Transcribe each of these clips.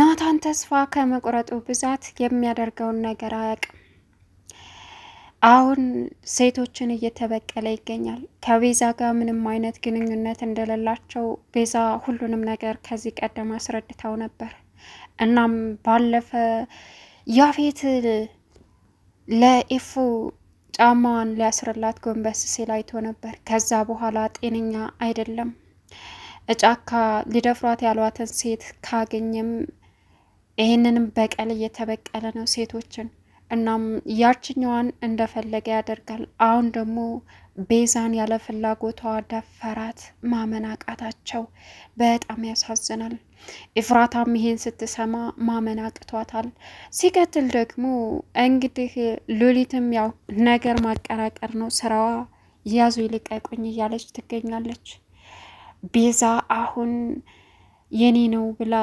ናታን ተስፋ ከመቁረጡ ብዛት የሚያደርገውን ነገር አያውቅም። አሁን ሴቶችን እየተበቀለ ይገኛል። ከቤዛ ጋር ምንም አይነት ግንኙነት እንደሌላቸው ቤዛ ሁሉንም ነገር ከዚህ ቀደም አስረድተው ነበር። እናም ባለፈ ያፌት ለኢፉ ጫማዋን ሊያስርላት ጎንበስ ሲል አይቶ ነበር። ከዛ በኋላ ጤነኛ አይደለም። እጫካ ሊደፍሯት ያሏትን ሴት ካገኘም ይህንንም በቀል እየተበቀለ ነው ሴቶችን። እናም ያችኛዋን እንደፈለገ ያደርጋል። አሁን ደግሞ ቤዛን ያለ ፍላጎቷ ደፈራት። ማመን አቃታቸው። በጣም ያሳዝናል። ኢፍራታም ይሄን ስትሰማ ማመን አቅቷታል። ሲቀጥል ደግሞ እንግዲህ ሉሊትም ያው ነገር ማቀራቀር ነው ስራዋ፣ ያዙ ይልቀቁኝ እያለች ትገኛለች። ቤዛ አሁን የኔ ነው ብላ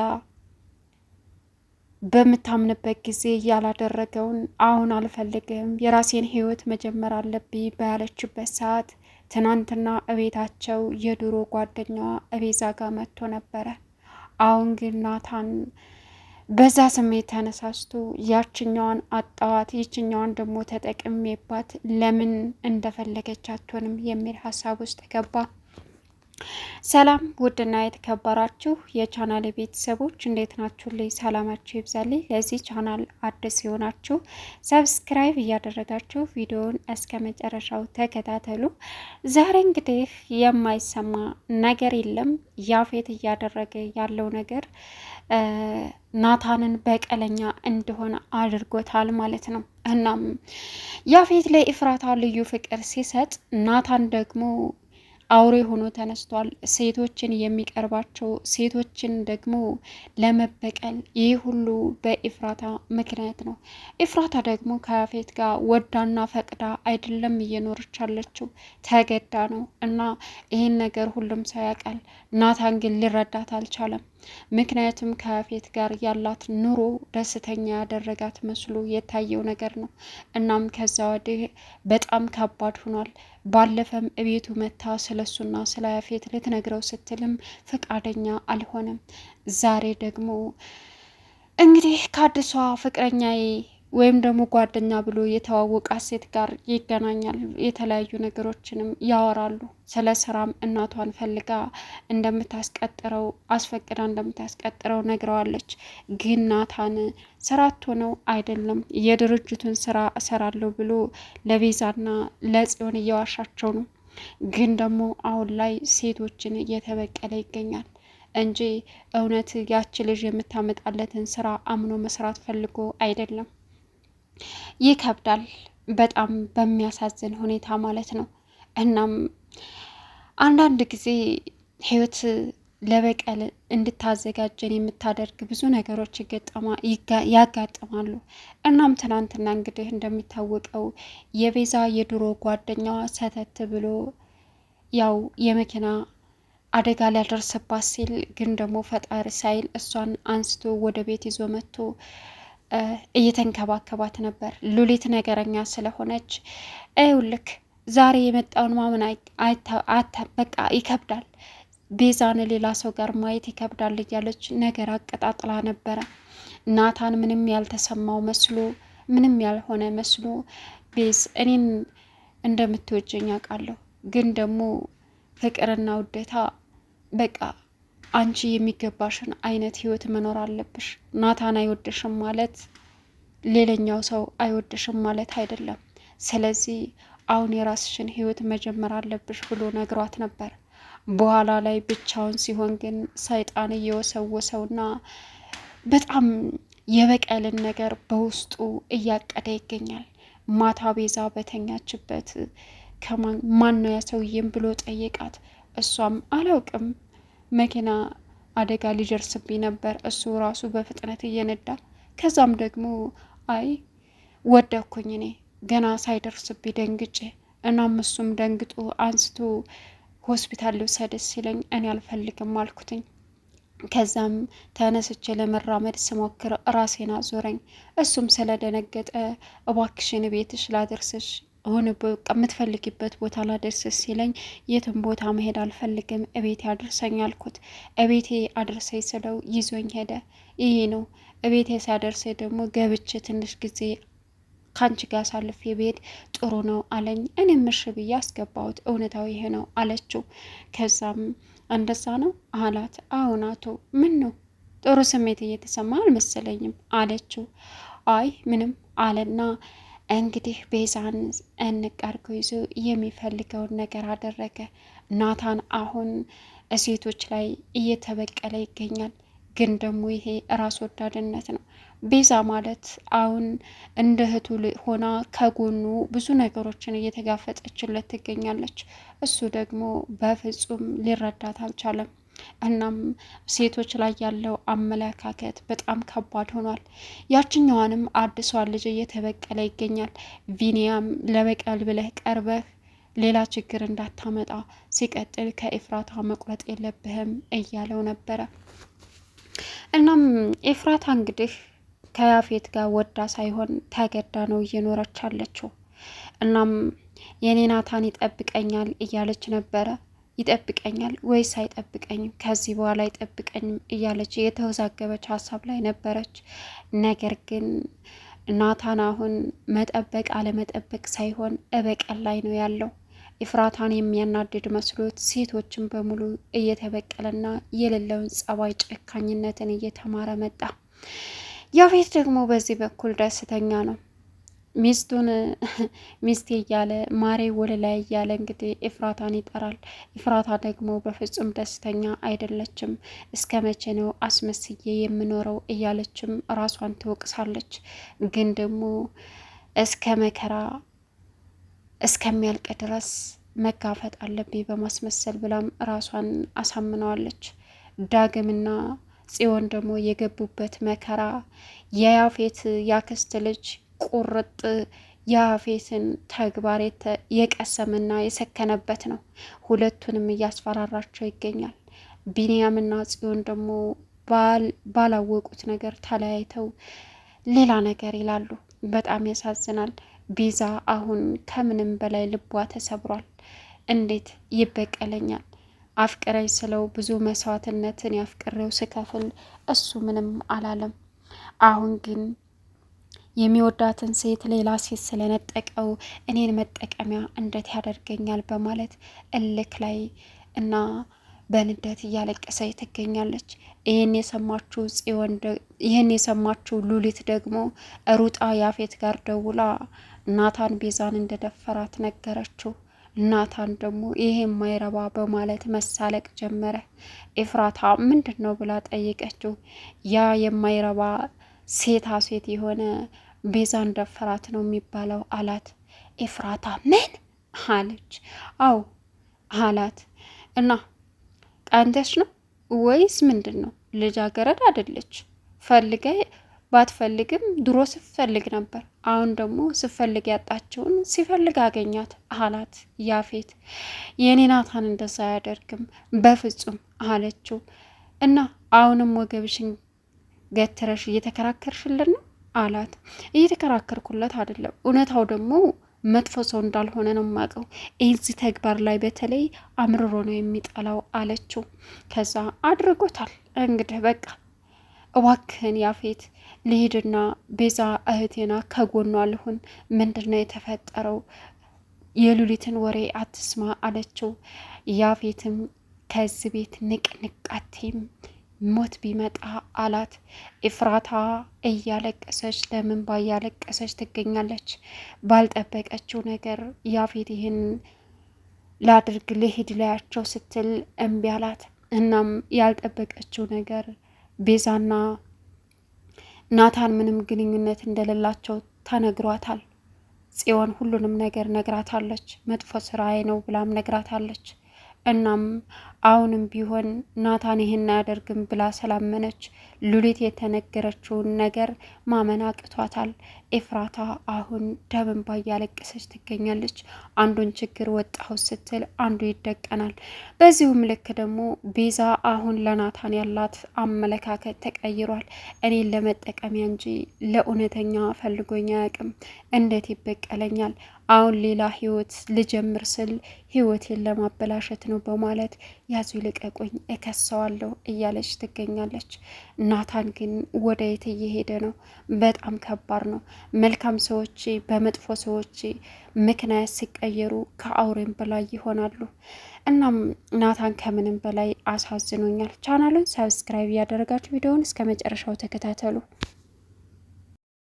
በምታምንበት ጊዜ ያላደረገውን አሁን አልፈልግም የራሴን ህይወት መጀመር አለብኝ በያለችበት ሰዓት ትናንትና እቤታቸው የድሮ ጓደኛዋ እቤዛ ጋር መጥቶ ነበረ። አሁን ግን ናታን በዛ ስሜት ተነሳስቶ ያችኛዋን አጣዋት ይችኛዋን ደግሞ ተጠቅሜባት ለምን እንደፈለገች አትሆንም የሚል ሀሳብ ውስጥ ገባ። ሰላም ውድና የተከበራችሁ የቻናል ቤተሰቦች እንዴት ልይ ሰላማችሁ ይብዛልኝ። ለዚህ ቻናል አዲስ የሆናችሁ ሰብስክራይብ እያደረጋችሁ ቪዲዮውን እስከ መጨረሻው ተከታተሉ። ዛሬ እንግዲህ የማይሰማ ነገር የለም። ያፌት እያደረገ ያለው ነገር ናታንን በቀለኛ እንደሆነ አድርጎታል ማለት ነው። እናም ያፌት ለኤፍራታ ልዩ ፍቅር ሲሰጥ ናታን ደግሞ አውሬ ሆኖ ተነስቷል። ሴቶችን የሚቀርባቸው ሴቶችን ደግሞ ለመበቀል ይህ ሁሉ በኢፍራታ ምክንያት ነው። ኢፍራታ ደግሞ ከያፌት ጋር ወዳና ፈቅዳ አይደለም እየኖረች ያለችው ተገዳ ነው እና ይህን ነገር ሁሉም ሰው ያውቃል። ናታን ግን ሊረዳት አልቻለም። ምክንያቱም ከያፌት ጋር ያላት ኑሮ ደስተኛ ያደረጋት መስሎ የታየው ነገር ነው። እናም ከዛ ወዲህ በጣም ከባድ ሆኗል። ባለፈም እቤቱ መታ ስለሱና ስለ ያፌት ልትነግረው ስትልም ፈቃደኛ አልሆነም። ዛሬ ደግሞ እንግዲህ ከአዲሷ ፍቅረኛዬ ወይም ደግሞ ጓደኛ ብሎ የተዋወቃት ሴት ጋር ይገናኛል። የተለያዩ ነገሮችንም ያወራሉ። ስለ ስራም እናቷን ፈልጋ እንደምታስቀጥረው አስፈቅዳ እንደምታስቀጥረው ነግረዋለች። ግን ናታን ስራቶ ነው አይደለም የድርጅቱን ስራ እሰራለሁ ብሎ ለቤዛና ለጽዮን እየዋሻቸው ነው። ግን ደግሞ አሁን ላይ ሴቶችን እየተበቀለ ይገኛል እንጂ እውነት ያቺ ልጅ የምታመጣለትን ስራ አምኖ መስራት ፈልጎ አይደለም። ይከብዳል። በጣም በሚያሳዝን ሁኔታ ማለት ነው። እናም አንዳንድ ጊዜ ህይወት ለበቀል እንድታዘጋጀን የምታደርግ ብዙ ነገሮች ያጋጥማሉ። እናም ትናንትና እንግዲህ እንደሚታወቀው የቤዛ የድሮ ጓደኛዋ ሰተት ብሎ ያው የመኪና አደጋ ሊያደርስባት ሲል ግን ደግሞ ፈጣሪ ሳይል እሷን አንስቶ ወደ ቤት ይዞ መጥቶ እየተንከባከባት ነበር። ሉሊት ነገረኛ ስለሆነች ይኸውልህ ዛሬ የመጣውን ማመን በቃ ይከብዳል፣ ቤዛን ሌላ ሰው ጋር ማየት ይከብዳል እያለች ነገር አቀጣጥላ ነበረ። ናታን ምንም ያልተሰማው መስሎ ምንም ያልሆነ መስሎ ቤዝ እኔን እንደምትወጀኝ አውቃለሁ፣ ግን ደግሞ ፍቅርና ውዴታ በቃ አንቺ የሚገባሽን አይነት ህይወት መኖር አለብሽ። ናታን አይወደሽም ማለት ሌላኛው ሰው አይወደሽም ማለት አይደለም። ስለዚህ አሁን የራስሽን ህይወት መጀመር አለብሽ ብሎ ነግሯት ነበር። በኋላ ላይ ብቻውን ሲሆን ግን ሰይጣን እየወሰወሰውና በጣም የበቀልን ነገር በውስጡ እያቀደ ይገኛል። ማታ ቤዛ በተኛችበት ከማን ነው ያ ሰውዬም ብሎ ጠየቃት። እሷም አላውቅም መኪና አደጋ ሊደርስብኝ ነበር፣ እሱ ራሱ በፍጥነት እየነዳ ከዛም ደግሞ አይ ወደኩኝ እኔ ገና ሳይደርስብኝ ደንግጬ፣ እናም እሱም ደንግጦ አንስቶ ሆስፒታል ልውሰድስ ሲለኝ እኔ አልፈልግም አልኩትኝ። ከዛም ተነስቼ ለመራመድ ስሞክር ራሴን አዞረኝ። እሱም ስለደነገጠ እባክሽን ቤትሽ ላደርስሽ ሆነ የምትፈልጊበት ቦታ ላደርስ ሲለኝ የትም ቦታ መሄድ አልፈልግም፣ እቤቴ አድርሰኝ አልኩት። እቤቴ አድርሰኝ ስለው ይዞኝ ሄደ። ይህ ነው እቤቴ ሲያደርሰኝ ደግሞ ገብቼ ትንሽ ጊዜ ከአንቺ ጋር አሳልፌ ብሄድ ጥሩ ነው አለኝ። እኔም ምሽ ብዬ አስገባሁት። እውነታው ይሄ ነው አለችው። ከዛም እንደዛ ነው አላት። አሁን አቶ ምን ነው ጥሩ ስሜት እየተሰማ አልመሰለኝም አለችው። አይ ምንም አለና እንግዲህ ቤዛን እንቅ ይዞ የሚፈልገውን ነገር አደረገ። ናታን አሁን እሴቶች ላይ እየተበቀለ ይገኛል። ግን ደግሞ ይሄ ራስ ወዳድነት ነው። ቤዛ ማለት አሁን እንደ እህቱ ሆና ከጎኑ ብዙ ነገሮችን እየተጋፈጠችለት ትገኛለች። እሱ ደግሞ በፍጹም ሊረዳት አልቻለም። እናም ሴቶች ላይ ያለው አመለካከት በጣም ከባድ ሆኗል። ያችኛዋንም አዲሷን ልጅ እየተበቀለ ይገኛል። ቪኒያም ለበቀል ብለህ ቀርበህ ሌላ ችግር እንዳታመጣ፣ ሲቀጥል ከኤፍራታ መቁረጥ የለብህም እያለው ነበረ። እናም ኤፍራታ እንግዲህ ከያፌት ጋር ወዳ ሳይሆን ተገዳ ነው እየኖረች አለችው። እናም የኔ ናታን ይጠብቀኛል እያለች ነበረ ይጠብቀኛል ወይስ አይጠብቀኝም? ከዚህ በኋላ አይጠብቀኝም እያለች የተወዛገበች ሀሳብ ላይ ነበረች። ነገር ግን ናታን አሁን መጠበቅ አለመጠበቅ ሳይሆን እበቀል ላይ ነው ያለው። ኢፍራታን የሚያናድድ መስሎት ሴቶችን በሙሉ እየተበቀለና የሌለውን ጸባይ ጨካኝነትን እየተማረ መጣ። ያፌት ደግሞ በዚህ በኩል ደስተኛ ነው። ሚስቱን ሚስቴ እያለ ማሬ ወደ ላይ እያለ እንግዲህ እፍራታን ይጠራል። እፍራታ ደግሞ በፍጹም ደስተኛ አይደለችም። እስከ መቼ ነው አስመስዬ የምኖረው እያለችም ራሷን ትወቅሳለች። ግን ደግሞ እስከ መከራ እስከሚያልቅ ድረስ መጋፈጥ አለብኝ በማስመሰል ብላም ራሷን አሳምነዋለች። ዳግምና ጽዮን ደግሞ የገቡበት መከራ የያፌት ያክስት ልጅ ቁርጥ የአፌስን ተግባር የቀሰምና የሰከነበት ነው። ሁለቱንም እያስፈራራቸው ይገኛል። ቢንያምና ጽዮን ደግሞ ባላወቁት ነገር ተለያይተው ሌላ ነገር ይላሉ። በጣም ያሳዝናል። ቤዛ አሁን ከምንም በላይ ልቧ ተሰብሯል። እንዴት ይበቀለኛል? አፍቅረኝ ስለው ብዙ መስዋዕትነትን ያፍቅሬው ስከፍል እሱ ምንም አላለም። አሁን ግን የሚወዳትን ሴት ሌላ ሴት ስለነጠቀው እኔን መጠቀሚያ እንዴት ያደርገኛል በማለት እልክ ላይ እና በንደት እያለቀሰች ትገኛለች። ይህን የሰማችው ጽዮን ይህን የሰማችው ሉሊት ደግሞ ሩጣ ያፌት ጋር ደውላ ናታን ቤዛን እንደደፈራት ነገረችው። ናታን ደግሞ ይሄ የማይረባ በማለት መሳለቅ ጀመረ። ኤፍራታ ምንድን ነው ብላ ጠየቀችው። ያ የማይረባ ሴታ ሴት የሆነ ቤዛን ደፈራት ነው የሚባለው አላት። ኤፍራታ ምን አለች? አው አላት። እና ቀንተሽ ነው ወይስ ምንድን ነው? ልጃገረድ አይደለች ፈልገ ባትፈልግም ድሮ ስፈልግ ነበር። አሁን ደግሞ ስፈልግ ያጣችውን ሲፈልግ አገኛት አላት ያፌት። የኔ ናታን እንደዛ አያደርግም በፍጹም አለችው። እና አሁንም ወገብሽን ገትረሽ እየተከራከርሽልን ነው አላት። እየተከራከርኩለት አይደለም። እውነታው ደግሞ መጥፎ ሰው እንዳልሆነ ነው የማውቀው። እዚህ ተግባር ላይ በተለይ አምርሮ ነው የሚጠላው አለችው። ከዛ አድርጎታል። እንግዲህ በቃ እባክህን ያፌት ልሂድና ቤዛ እህቴና ከጎኗ ልሁን። ምንድነው የተፈጠረው? የሉሊትን ወሬ አትስማ አለችው። ያፌትም ከዚህ ቤት ንቅንቃቴም ሞት ቢመጣ አላት። ኤፍራታ እያለቀሰች ለምንባ እያለቀሰች ትገኛለች። ባልጠበቀችው ነገር ያፌት ይህን ላድርግ ልሄድ ላያቸው ስትል እምቢ አላት። እናም ያልጠበቀችው ነገር ቤዛና ናታን ምንም ግንኙነት እንደሌላቸው ተነግሯታል። ጽዮን ሁሉንም ነገር ነግራታለች። መጥፎ ስራዬ ነው ብላም ነግራታለች። እናም አሁንም ቢሆን ናታን ይህን አያደርግም ብላ ስላመነች ሉሊት የተነገረችውን ነገር ማመን አቅቷታል። ኤፍራታ አሁን ደም እንባ እያለቀሰች ትገኛለች። አንዱን ችግር ወጣሁ ስትል አንዱ ይደቀናል። በዚሁም ልክ ደግሞ ቤዛ አሁን ለናታን ያላት አመለካከት ተቀይሯል። እኔን ለመጠቀሚያ እንጂ ለእውነተኛ ፈልጎኝ አያውቅም። እንዴት ይበቀለኛል? አሁን ሌላ ህይወት ልጀምር ስል ህይወቴን ለማበላሸት ነው በማለት ያዙ ልቀቁኝ፣ እከሰዋለሁ እያለች ትገኛለች። ናታን ግን ወደ የት እየሄደ ነው? በጣም ከባድ ነው። መልካም ሰዎች በመጥፎ ሰዎች ምክንያት ሲቀየሩ ከአውሬም በላይ ይሆናሉ። እናም ናታን ከምንም በላይ አሳዝኖኛል። ቻናሉን ሰብስክራይብ እያደረጋችሁ ቪዲዮውን እስከ መጨረሻው ተከታተሉ።